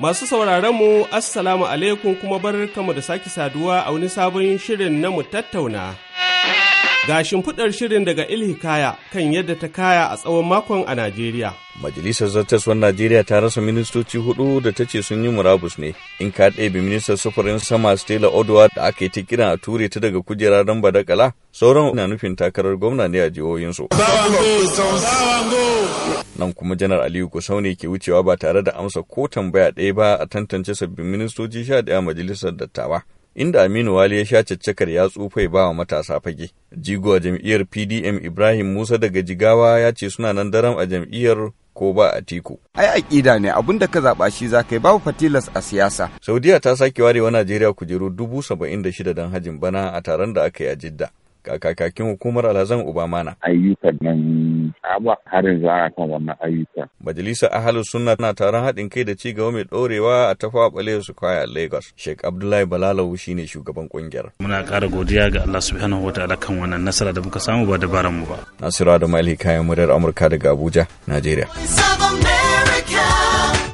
Masu sauraron mu Assalamu alaikum kuma bar kama da sake saduwa a wani sabon shirin na mu tattauna. Ga shimfiɗar shirin daga Ilhikaya kan yadda ta kaya a tsawon makon a Najeriya. Majalisar Zartaswar Najeriya ta rasa ministoci hudu da ta ce sun yi murabus ne. In ka ɗebe ministan sufurin sama Stella Odwa da aka yi ta kiran a ture ta daga kujera don badakala, sauran na nufin takarar gwamna ne a jihohinsu. Nan kuma Janar Aliyu Kusau ne ke wucewa ba tare da amsa ko tambaya ɗaya ba a tantance sabbin ministoci sha ɗaya majalisar dattawa. inda Aminu Wali ya sha caccakar ya tsufai ba wa matasa fage. Jigo a jam'iyyar PDM Ibrahim Musa daga Jigawa ya ce suna nan daram a jam'iyyar ko ba a tiku. Ai aƙida ne abun da ka zaɓa shi za ka yi babu fatilas a siyasa. Saudiya ta sake warewa Najeriya kujeru dubu saba'in da shida don hajin bana a taron da aka yi a Jidda. kakakin hukumar alhazan obamana ayyukan nan abuwa harin za a kan wannan ayyukan majalisa ahalus sunna na taron haɗin kai da cigaba mai ɗorewa a tafawa ɓale su kwaya a lagos sheikh abdullahi balalawu ne shugaban ƙungiyar. muna ƙara godiya ga allah subhanahu wa ta'ala kan wannan nasara da muka samu ba dabaran mu ba nasiru da mali kayan muryar amurka daga abuja najeriya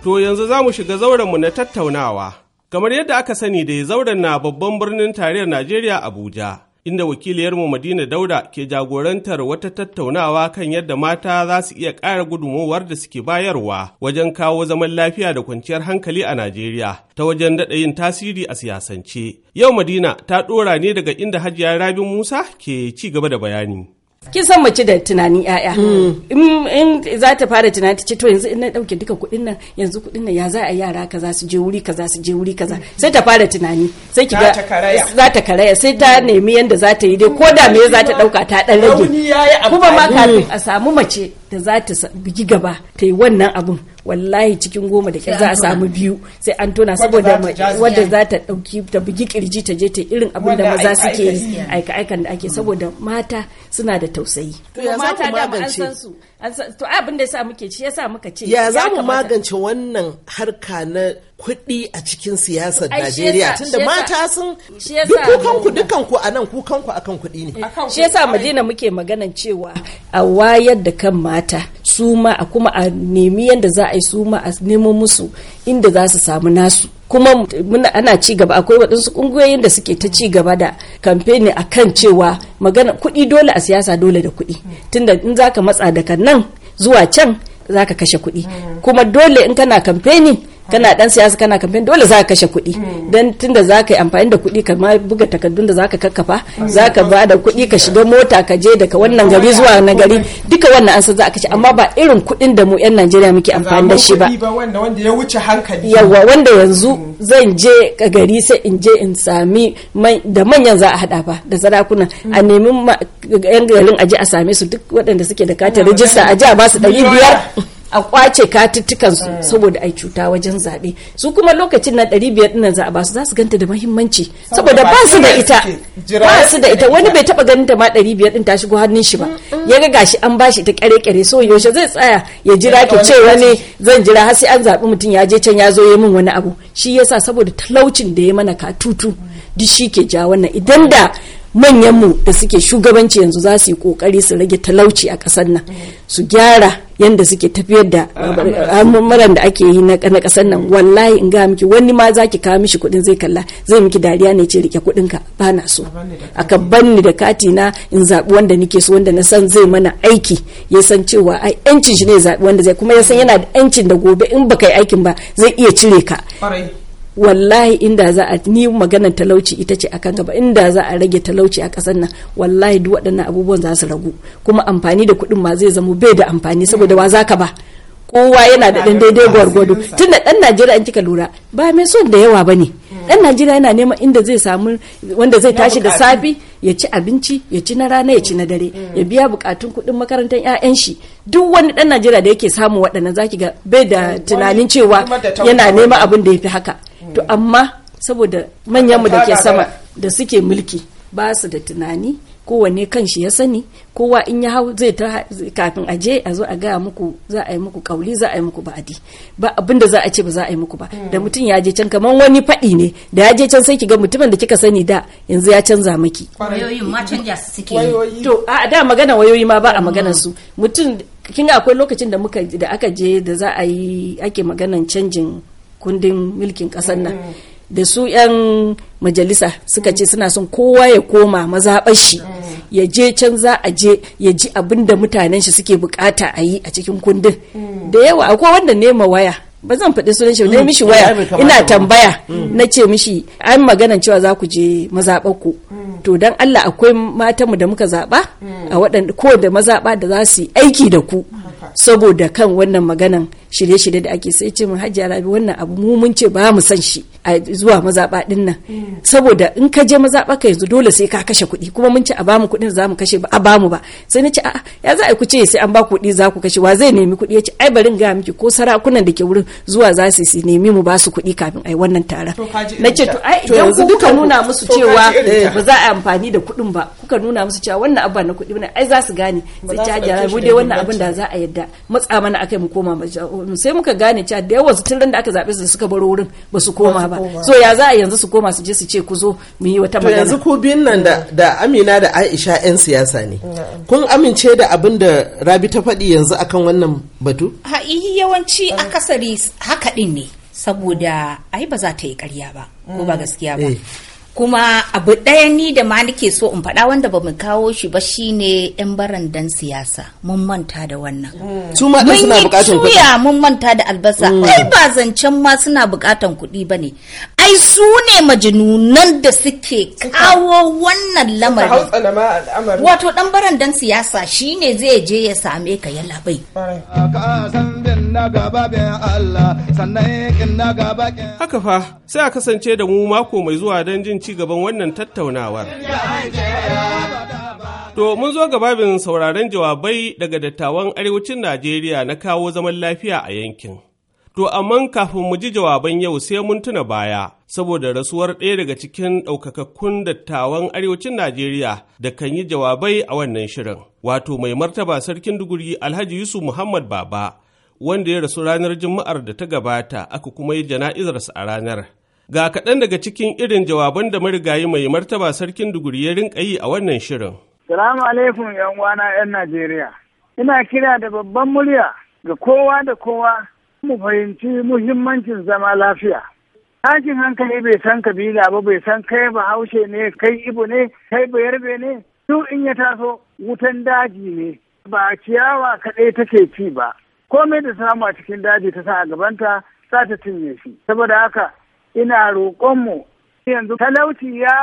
to yanzu za mu shiga zauren mu na tattaunawa kamar yadda aka sani da zauren na babban birnin tarayyar najeriya abuja inda wakiliyarmu Madina Dauda ke jagorantar wata tattaunawa kan yadda mata za su iya ƙara gudunmowar da suke bayarwa wajen kawo zaman lafiya da kwanciyar hankali a Najeriya ta wajen daɗa yin tasiri a siyasance. Yau Madina ta ɗora ne daga inda Hajiya rabin Musa ke ci gaba da bayani. kin san mace da tunanin yaya hmm. in za ta fara tunani ta ce to yanzu in na dauke duka kuɗin nan yanzu kuɗin nan ya za a yara ka za su je wuri kaza su je wuri kaza sai ta fara tunani sai ki za ta karaya sai ta nemi yadda za ta yi dai ko da me za ta dauka ta ɗan rage kuma ma kafin hmm. a samu mace da za ta bugi gaba ta yi wannan abun wallahi cikin goma da ƙyar za a samu biyu sai an tona saboda wadda za ta dauki ta bugi kirji ta je ta irin abin da maza suke aika aikan da ake saboda mata suna da tausayi to abin da yasa muke ci yasa muka ce ya za mu magance wannan harka na kuɗi a cikin siyasar Najeriya tunda mata sun duk kukanku dukanku a nan kukanku akan kuɗi ne eh, shi yasa Madina muke maganan cewa a wayar da kan mata su ma a kuma a nemi yadda za a yi su ma a nemo musu inda za su samu nasu kuma ana ci gaba akwai waɗansu ƙungiyoyin da suke ta ci gaba da kamfeni a kan cewa magana kuɗi dole a siyasa dole da kuɗi tunda in za ka matsa daga nan zuwa can za ka kashe kuɗi mm. kuma dole in kana kamfeni kana dan siyasa kana kamfen dole za ka kashe kuɗi mm. don tunda za ka yi amfani da kuɗi kamar buga takardun da za ka kakkafa mm. za ka ba da kuɗi ka shiga mota ka je daga wannan gari zuwa na gari mm. duka wannan an san za a kashe amma ba irin kuɗin da mu 'yan najeriya muke amfani da shi ba yawa wanda yanzu zan je ka gari sai in je in sami da manyan za a hada ba da sarakuna a nemi 'yan garin aje a same su duk waɗanda suke da katin rijista a ji a ba su ɗari biyar a kwace katuttukan su eh. saboda ai cuta wajen zabe su kuma lokacin na 500 dinnan za su za su ganta da muhimmanci saboda ba su da ita ba su da ita wani bai taba ganin ta ma 500 din ta shigo hannun shi ba ya ga gashi an bashi ta kare kare so yaushe zai tsaya ya jira ki ce wani zan jira har sai an zabi mutum ya je can ya zo ya min wani abu shi yasa saboda talaucin da ya mana katutu duk shi ke ja wannan idan da manyanmu da suke shugabanci yanzu za su yi kokari su rage talauci a kasar nan su gyara yadda suke tafiyar da al'amuran da ake yi na kasar nan wallahi in ga miki wani ma za ki kawo mishi kuɗin zai kalla zai miki dariya ne ce rike kuɗin ka ba na so ka banni da kati na in zaɓi wanda nike so wanda na san zai mana aiki ya san cewa ai yancin shi ne zaɓi wanda zai kuma ya san yana da yancin da gobe in baka yi aikin ba zai iya cire ka wallahi inda za a ni maganar talauci ita ce akan gaba inda za a rage talauci a kasar nan wallahi duk waɗannan abubuwan za su ragu kuma amfani da kuɗin ma zai zama bai da amfani saboda wa zaka ba kowa yana da ɗan daidai gwargwado tun da ɗan najeriya in kika lura ba mai son da yawa bane ɗan najeriya yana neman inda zai samu wanda zai tashi da safi ya ci abinci ya ci na rana ya ci na dare ya biya bukatun kuɗin makarantar 'ya'yan shi duk wani ɗan najeriya da yake samun waɗannan zaki ga bai da tunanin cewa yana neman abin da ya fi haka to amma saboda manyanmu da ke sama da suke mulki ba su da tunani kowanne shi ya sani kowa in ya hau zai ta kafin a je a zo a gaya muku za a yi muku kauli za a yi muku ba'adi ba abin da za a ce ba za a yi muku ba da mutum ya je can kamar wani faɗi ne da ya je can sai ki ga mutumin da kika sani da yanzu ya canza maki wayoyin ma canja su suke to a da magana wayoyi ma ba a mm. magana su mutum kin akwai lokacin da muka da aka je da za a yi ake maganan canjin kundin mulkin kasar nan mm. da su 'yan majalisa suka ce suna son kowa ya koma mazaɓar shi mm. ya je can za a je ya ji abin da mutanen shi suke bukata a yi a cikin kundin mm. da yawa akwai wanda nema waya ba zan faɗi sunan shi ne mishi waya ina tambaya na ce mishi an magana cewa za ku je mazaɓar ku to dan Allah akwai matanmu da muka zaɓa a waɗanda ko da mazaɓa da za su yi aiki da ku saboda kan wannan maganan shirye-shirye da ake sai ce mu hajji rabi wannan abu mu mun ce ba mu san shi a zuwa mazaɓa din nan mm. saboda in ka je mazaɓa ka yanzu dole sai ka kashe kuɗi kuma mun ce a bamu kuɗin za mu kashe ba a bamu ba sai na ce a'a ya za a ku ce sai an ba kuɗi za ku kashe wa zai nemi kuɗi ya ce ai bari ga miki ko sarakunan da ke wurin zuwa za su su nemi mu ba su kuɗi kafin ai wannan taron na ce to ai idan kuka nuna musu cewa ba za a amfani da kuɗin ba kuka nuna musu cewa wannan abu na kuɗi ne ai za su gane sai ta hajiya rabi dai wannan abin da za a yadda matsa mana akai mu koma sai muka gane cewa da yawa tun da aka zaɓe su suka bar wurin ba su koma ba so ya za a yanzu su koma su je su ce ku zo mu yi wata magana yanzu ku biyun nan da Amina da Aisha yan siyasa ne kun amince da abin da Rabi ta faɗi yanzu akan wannan batu ha yawanci akasari haka din ne saboda ai ba za ta yi ƙarya ba ko ba gaskiya ba eh. kuma abu ɗaya ni da ma nake so in faɗa wanda ba mu kawo shi ba shine yan barandan siyasa mun manta da wannan su ma suna mun manta da albasa mm. ai ba zancen ma suna bukatan kuɗi bane ai su ne majinunan da suke kawo wannan lamarin wato dan barandan siyasa shine zai je ya same ka ya labai haka fa sai a kasance da mu mako mai zuwa don jin ci gaban wannan tattaunawar To mun zo ga sauraron jawabai daga dattawan arewacin Najeriya na kawo zaman lafiya a yankin. To, amma kafin mu ji jawaban yau sai mun tuna baya, saboda rasuwar ɗaya daga cikin ɗaukakakkun dattawan arewacin Najeriya da kan yi jawabai a wannan shirin, wato mai martaba sarkin duguri Alhaji Yusuf Muhammad Baba, wanda ya rasu ranar Juma'ar da ta gabata aka kuma yi jana'izarsa a ranar. Ga kaɗan daga cikin irin jawaban da marigayi mai martaba sarkin duguri ya rinƙa yi a wannan shirin. Salamu alaikum 'yan uwana 'yan Najeriya. Ina kira da babban murya ga kowa da kowa mu fahimci muhimmancin zama lafiya. Tashin hankali bai san kabila ba bai san kai bahaushe ne kai ibo ne kai bayarbe ne duk in ya taso wutan daji ne ba ciyawa kaɗai take ci ba komai da samu a cikin daji ta sa a gabanta za ta cinye shi saboda haka ina roƙonmu yanzu talauci ya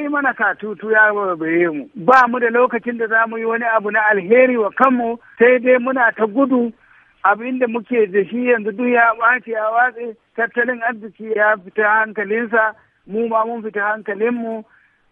yi mana katutu ya babaye mu ba mu da lokacin da za mu yi wani abu na alheri wa kanmu sai dai muna ta gudu abin da muke da shi yanzu duk ya ɓace ya watse tattalin arziki ya fita hankalinsa mu ma mun fita hankalinmu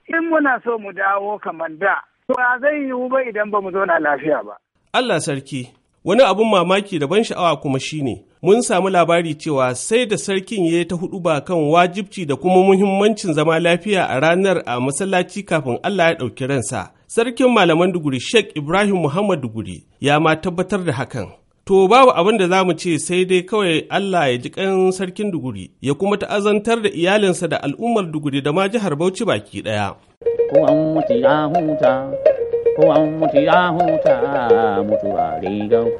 in muna so mu dawo kamar da ba zai yiwu ba idan ba mu zauna lafiya ba. Allah sarki wani abun mamaki da ban sha'awa kuma shine mun samu labari cewa sai da sarkin ya ta hudu ba kan wajibci da kuma muhimmancin zama lafiya a ranar a masallaci kafin Allah ya ɗauki ransa. Sarkin malaman Duguri Sheikh Ibrahim Muhammad Duguri ya ma tabbatar da hakan. To babu abin da za mu ce sai dai kawai Allah ya ji ƙan sarkin Duguri ya kuma ta'azantar da iyalinsa da al'ummar Duguri da ma jihar Bauchi baki ɗaya. Ko an ya huta, ko an ya huta, mutuwa rigar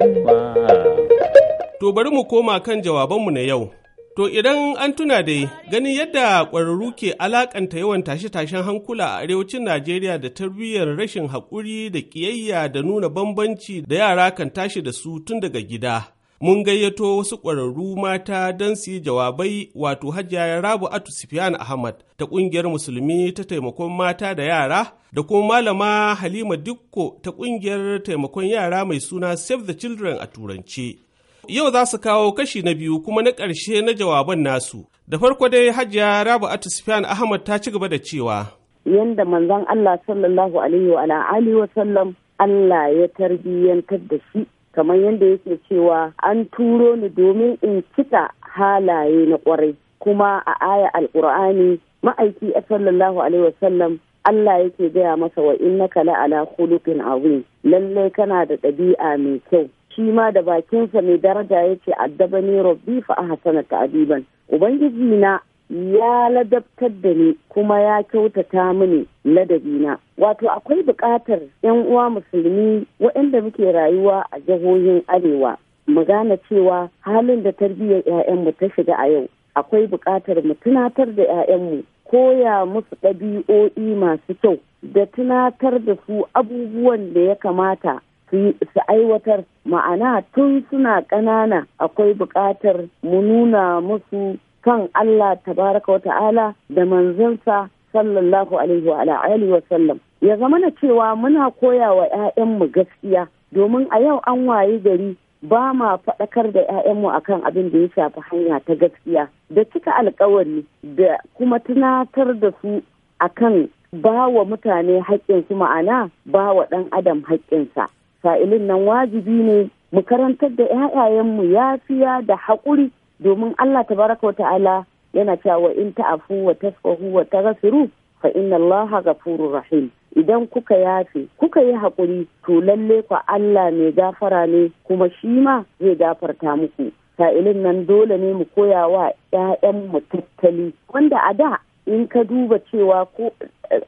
To bari mu koma kan jawabanmu na yau. To idan an tuna dai gani yadda ƙwararru ke alakanta yawan tashe-tashen hankula a arewacin Najeriya da tarbiyyar rashin haƙuri da ƙiyayya da nuna bambanci da yara kan tashi da su tun daga gida. Mun gayyato wasu ƙwararru mata don su yi jawabai wato hajiya Rabu Atu Sufyan Ahmad ta ƙungiyar Musulmi ta taimakon mata da yara da kuma malama Halima Dikko ta ƙungiyar taimakon yara mai suna Save the Children a Turanci. Yau za su kawo kashi na biyu kuma na ƙarshe na jawaban nasu. Da farko dai Hajiya rabu Sufyan Ahmad ta ci gaba da cewa. Yanda manzon Allah sallallahu alaihi wa alihi wa sallam Allah ya tarbiyyantar da shi kamar yadda yake cewa an turo ni domin in cika halaye na ƙwarai kuma a aya alƙur'ani ma'aiki a sallallahu alaihi Sallam, Allah yake gaya masa wa na la ala khuluqin azim lallai kana da ɗabi'a mai kyau shi ma da bakinsa mai daraja ya ce addaba ne rabbi fa ta ta'diban ubangiji na ya ladabtar da ni kuma ya kyautata mini na. wato akwai buƙatar 'yan uwa musulmi waɗanda muke rayuwa a jihohin arewa mu gane cewa halin da tarbiyyar 'ya'yanmu ta shiga a yau akwai buƙatar mu tunatar da 'ya'yanmu koya musu ɗabi'o'i masu kyau da tunatar da su abubuwan da ya kamata su aiwatar ma'ana tun suna ƙanana akwai buƙatar mu nuna musu kan Allah tabaraka wa ta'ala da manzansa sallallahu alaihi wa alihi wa sallam ya zama na cewa muna koya wa 'ya'yanmu gaskiya domin a yau an wayi gari ba ma faɗakar da 'ya'yanmu akan abin da ya shafi hanya ta gaskiya da cika alkawari da kuma tunatar da su akan ba wa mutane haƙƙinsu ma'ana ba wa ɗan adam haƙƙinsa sa'ilin nan wajibi ne mu karantar da 'ya'yayenmu yafiya da haƙuri domin Allah ta baraka ta'ala yana cewa wa in ta'afu wa tasfahu wa taghfiru fa inna Allah ghafurur rahim idan kuka yafe kuka yi haƙuri to lalle ku Allah mai gafara ne kuma shi ma zai gafarta muku sa'ilin nan dole ne mu koya wa mu tattali wanda a da in ka duba cewa ko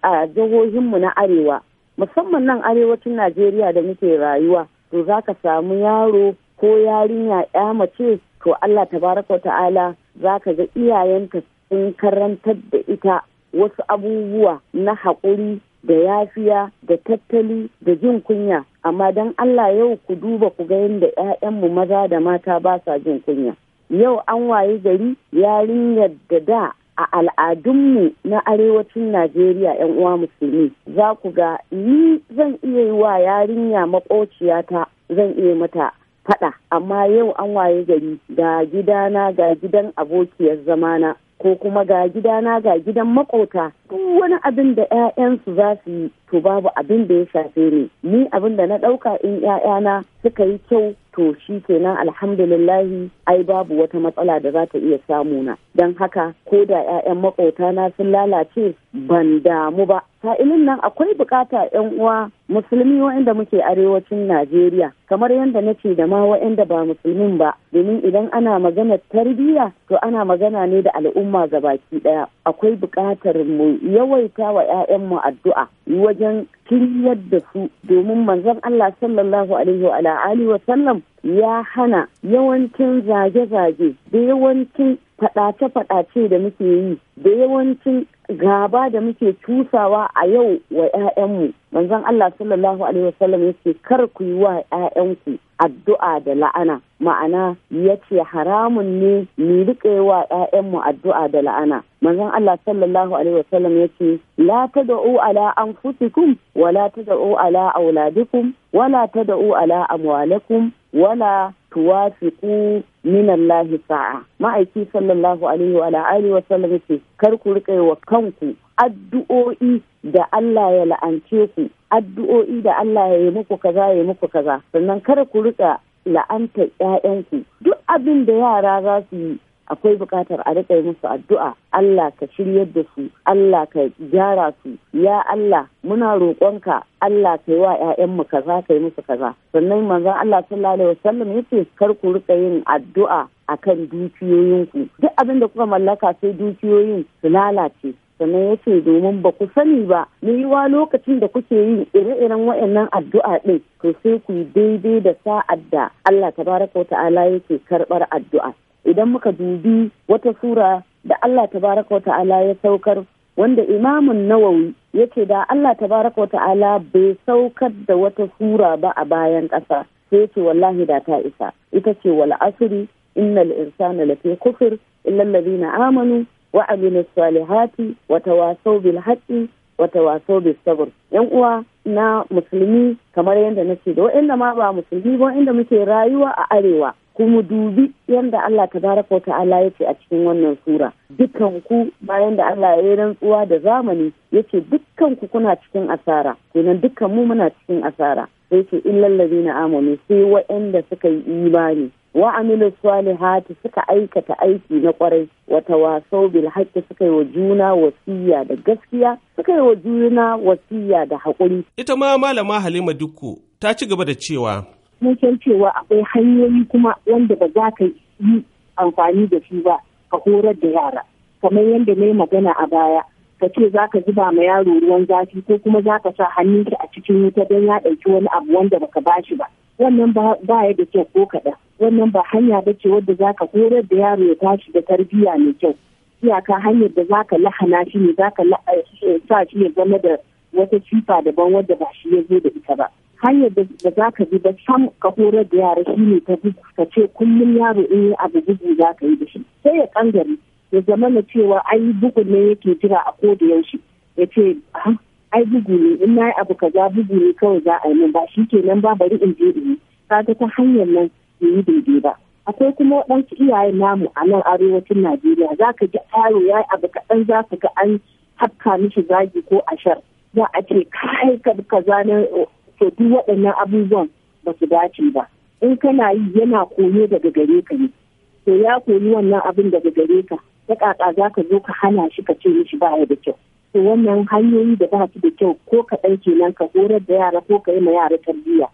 a jihohinmu na arewa musamman nan arewacin najeriya da muke rayuwa to za ka samu yaro ko yarinya ya mace to allah tabaraka wa ta'ala za ka ga iyayenta sun karantar da ita wasu abubuwa na haƙuri da yafiya da tattali da jin kunya amma don allah yau ku duba ku ga yadda 'ya'yanmu maza da mata ba sa jin kunya yau an waye gari yarinyar da da a al'adunmu na arewacin Najeriya 'yan uwa musulmi za ku ga ni zan iya yi wa yarinya maƙociyata zan iya mata faɗa amma yau an waye gari ga gidana ga gidan abokiyar zamana ko kuma ga gidana ga gidan makota duk wani abin da 'ya'yansu za su yi to babu abin da ya shafe ne ni abin da na ɗauka in 'ya'yana suka yi kyau to shi kenan alhamdulillahi ai babu wata matsala da za ta iya samuna don haka ko da 'ya'yan makota na sun lalace ban damu ba sa'ilin nan akwai bukata yan uwa musulmi waɗanda muke arewacin najeriya kamar yadda na ce da ma waɗanda ba musulmin ba domin idan ana magana tarbiyya to ana magana ne da al'umma ga baki ɗaya akwai bukatar mu yawaita wa mu addu'a wajen kiryar da su domin manzon allah sallallahu alaihi wa alihi wa sallam ya hana yawancin zage-zage da yawancin faɗace-faɗace da muke yi da yawancin gaba da muke tusawa a yau wa 'ya'yanmu manzon Allah sallallahu alaihi wasallam yace kar ku yi wa ƴaƴanku addu'a da la'ana ma'ana yace haramun ne mu riƙe wa ƴaƴanmu addu'a da la'ana manzon Allah sallallahu alaihi wasallam yace la tad'u ala anfusikum wa la tad'u ala auladikum wa la tad'u ala amwalikum wa la tuwafiqu min Allah sa'a ma'aiki sallallahu alaihi wa alihi wasallam yace kar ku riƙe wa kanku addu'o'i da Allah ya la'ance ku addu'o'i da Allah ya yi muku kaza ya yi muku kaza sannan kada ku rika la'anta ƴaƴanku duk abin da yara za su yi akwai buƙatar a rika musu addu'a Allah ka shiryar da su Allah ka gyara su ya Allah muna roƙonka Allah ka yi wa ƴaƴanmu kaza ka yi musu kaza sannan manzon Allah sallallahu alaihi wasallam yace kar ku rika yin addu'a akan dukiyoyinku duk abin da kuka mallaka sai dukiyoyin su lalace sannan ya ce domin ba ku sani ba mu yiwa lokacin da kuke yin ire-iren waɗannan addu'a ɗin to sai ku yi daidai da sa'ad da Allah tabaraka wa ta'ala yake karɓar addu'a idan muka dubi wata sura da Allah tabaraka wa ta'ala ya saukar wanda imamun nawawi ya ce da Allah tabaraka wa ta'ala bai saukar da wata sura ba a bayan ƙasa sai ce wallahi da ta isa ita ce wal asri innal insana lafi kufur illa allazina amanu wa aminu salihati wa tawasau bil haqqi wa tawasau bis sabr yan uwa na musulmi kamar yadda na ce da wa'anda ma ba musulmi ba wa'anda muke rayuwa a arewa kuma dubi yadda Allah baraka wa ta'ala ya ce a cikin wannan sura dukkan ku bayan da Allah ya yi rantsuwa da zamani ya ce dukkan ku kuna cikin asara kenan dukkan mu muna cikin asara sai ce illal ladina amanu sai waɗanda suka yi imani wa amilu salihati suka aikata aiki na kwarai wata wasau bil haƙƙi suka yi wa juna wasiya da gaskiya suka yi wa juna wasiya da haƙuri ita ma malama halima dukku ta ci gaba da cewa mun san cewa akwai hanyoyi kuma wanda ba za ka yi amfani da shi ba ka horar da yara kamar yadda na magana a baya ka ce za ka zuba ma yaro ruwan zafi ko kuma za ka sa hannunka a cikin wuta don ya ɗauki wani abu wanda baka shi ba wannan ba ya da kyau ko kaɗan wannan ba hanya ba ce wadda za ka horar da yaro ya tashi da tarbiyya mai kyau iyaka hanyar da za ka lahana shi ne za ka eh, sa shi ya zama da wata sifa daban wadda ba shi ya zo da ita ba hanyar da za ka bi da sam ka horar da yara shi ne ta bugu ka ce kullum yaro in yi abu bugu za ka yi da shi sai ya kangare ya zama na cewa ai bugun ne yake jira a ko da yaushe ya ce ai bugu ne in na abu kaza bugu ne kawai za a yi min ba shi ke nan ba bari in je in yi kaga ta hanyar nan bai yi daidai ba akwai kuma waɗansu iyaye namu a nan arewacin najeriya za ka ji yaro ya yi abu kaɗan za ka ga an hafka mishi zagi ko ashar za a ce kai kaza na to duk waɗannan abubuwan ba su dace ba in kana yi yana koyo daga gare ka ne to ya koyi wannan abin daga gare ka ta ƙaƙa za ka zo ka hana shi ka ce mishi baya da kyau to wannan hanyoyi da ba su da kyau ko kaɗan kenan ka horar da yara ko ka yi ma yara tarbiyya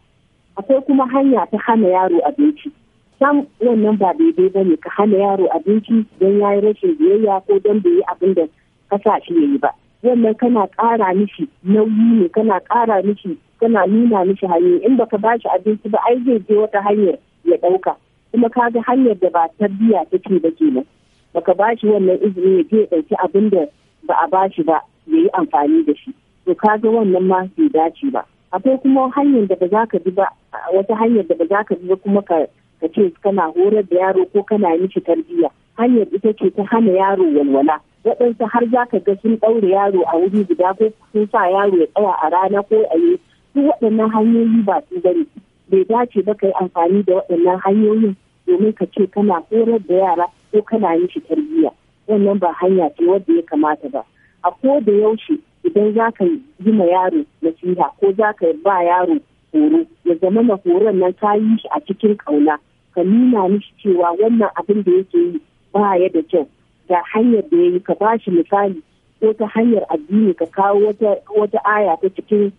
akwai kuma hanya ta hana yaro abinci san wannan ba daidai ba ne ka hana yaro abinci don ya yi rashin biyayya ko don bai yi abin da ka sa shi ya yi ba wannan kana ƙara mishi nauyi ne kana ƙara mishi kana nuna mishi hanyoyi in baka ba shi abinci ba ai zai je wata hanyar ya ɗauka kuma ka ga hanyar da ba tarbiyya take ba kenan baka ba shi wannan izini ya je ya ɗauki abin da ba a ba shi ba ya yi amfani da shi to ka ga wannan ma bai dace ba akwai kuma hanyar da ba za ka bi ba wata hanyar da ba za ka bi ba kuma ka ce kana horar da yaro ko kana mishi tarbiyya hanyar ita ce ta hana yaro walwala waɗansu har za ka ga sun ɗaure yaro a wuri guda ko sun sa yaro ya tsaya a rana ko a yi su waɗannan hanyoyi ba su bane bai dace ba ka yi amfani da waɗannan hanyoyin domin ka ce kana horar da yara ko kana mishi tarbiyya wannan ba hanya ce wadda ya kamata ba a ko da yaushe idan za ka yi ma yaro nasiha ko za ka ba yaro horo ya zama na horon nan ka yi shi a cikin kauna ka nuna mishi cewa wannan abin da yake yi ba ya da kyau ga hanyar da ya yi ka ba shi misali ko ta hanyar addini ka kawo wata aya ta cikin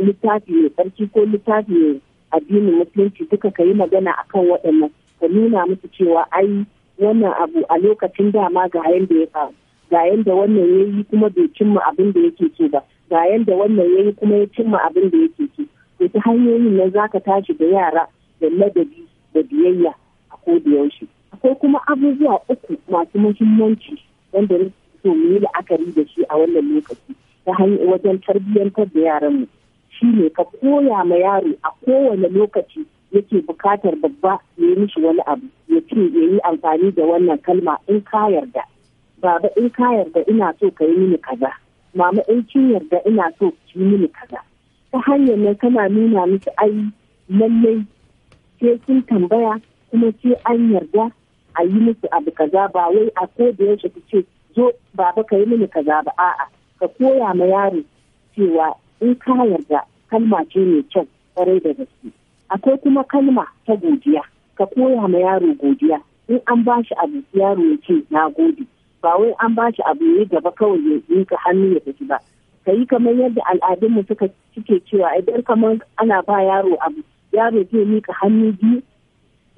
littafi mai tsarki ko littafi mai addinin musulunci duka ka yi magana akan waɗannan ka nuna musu cewa ai wannan abu a lokacin dama ga yadda ya faru ga yadda wannan ya yi kuma bai cimma abin da yake so ba ga yadda wannan ya yi kuma ya cimma abin da yake so to ta hanyoyin nan ka tashi da yara da ladabi da biyayya a koda yaushe akwai kuma abubuwa uku masu muhimmanci wanda so mu yi la'akari da shi a wannan lokaci ta hanyar wajen tarbiyyantar da yaranmu shi ne ka koya ma yaro a kowane lokaci yake bukatar babba ya yi mishi wani abu ya ce ya yi amfani da wannan kalma in ka yarda baba in ka yarda ina so ka yi mini kaza mama in kin yarda ina so ki mini kaza ta hanyar nan kana nuna musu ai lallai sai sun tambaya kuma sai an yarda a yi musu abu kaza ba wai a ko da yaushe ku ce zo baba ka yi mini kaza ba a'a ka koya ma yaro cewa in ka yarda kalma ce mai kyau kwarai da gaske akwai kuma kalma ta godiya ka koya ma yaro godiya in an ba shi abu yaro ya ce na gode ba wai an ba shi abu ya gaba kawai ya yi ka hannu ya tafi ba ka yi kamar yadda al'adunmu suka cike cewa idan kamar ana ba yaro abu yaro zai mika hannu biyu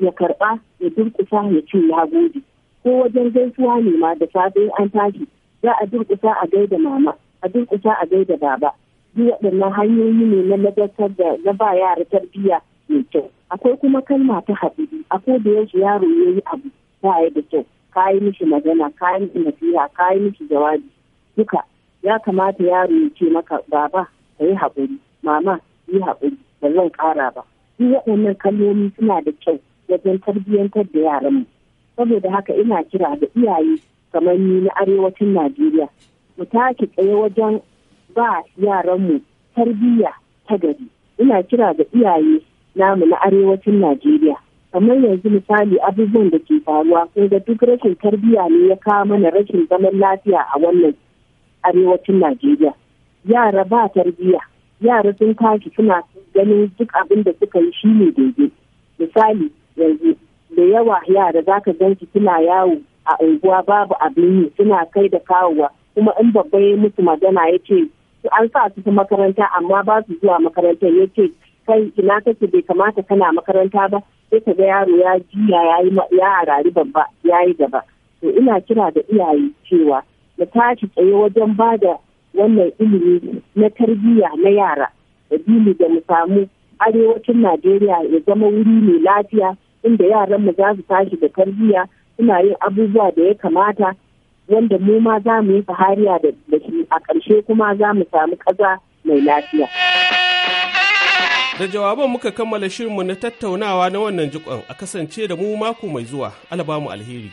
ya karba ya durƙusa ya ce ya gode ko wajen gaisuwa ne ma da safe an tashi za a durƙusa a gaida mama a durƙusa a gaida baba duk waɗannan hanyoyi ne na nadartar da na ba yara tarbiyya mai kyau akwai kuma kalma ta haƙuri akwai da yaushe yaro ya yi abu ba ya da kyau ka yi mishi magana ka yi mishi nasiha ka yi mishi jawabi duka ya kamata yaro ya ce maka baba ka yi haƙuri mama yi haƙuri ba zan ƙara ba ni waɗannan kalmomi suna da kyau wajen tarbiyyantar da yaran mu. saboda haka ina kira da iyaye kamar ni na arewacin najeriya mu tashi tsaye wajen ba yaran mu tarbiyya ta gari ina kira ga iyaye namu na arewacin Najeriya. Kamar yanzu misali abubuwan da ke faruwa sun ga duk rashin tarbiyya ne ya kawo mana rashin zaman lafiya a wannan arewacin Najeriya. Yara ba tarbiyya, yara sun tashi suna ganin duk abin da suka yi shi ne daidai. Misali yanzu da yawa yara za ka gan suna yawo a unguwa babu abin yi suna kai da kawowa kuma in babba ya musu magana ya ce an sa su ta makaranta amma ba su zuwa makarantar ya ce kai ina kake bai kamata kana makaranta ba sai ka ga yaro ya jiya ya yi ya arari babba ya yi gaba to ina kira da iyaye cewa mu tashi tsaye wajen ba da wannan ilimi na tarbiyya na yara dini da mu samu arewacin najeriya ya zama wuri mai lafiya inda yaran mu za su tashi da tarbiyya suna yin abubuwa da ya kamata wanda mu ma za mu yi fahariya da shi a ƙarshe kuma za mu samu ƙasa mai lafiya. Da jawaban muka kammala shirinmu na tattaunawa na wannan jikon a kasance da mu mako mai zuwa. Alabamu alheri.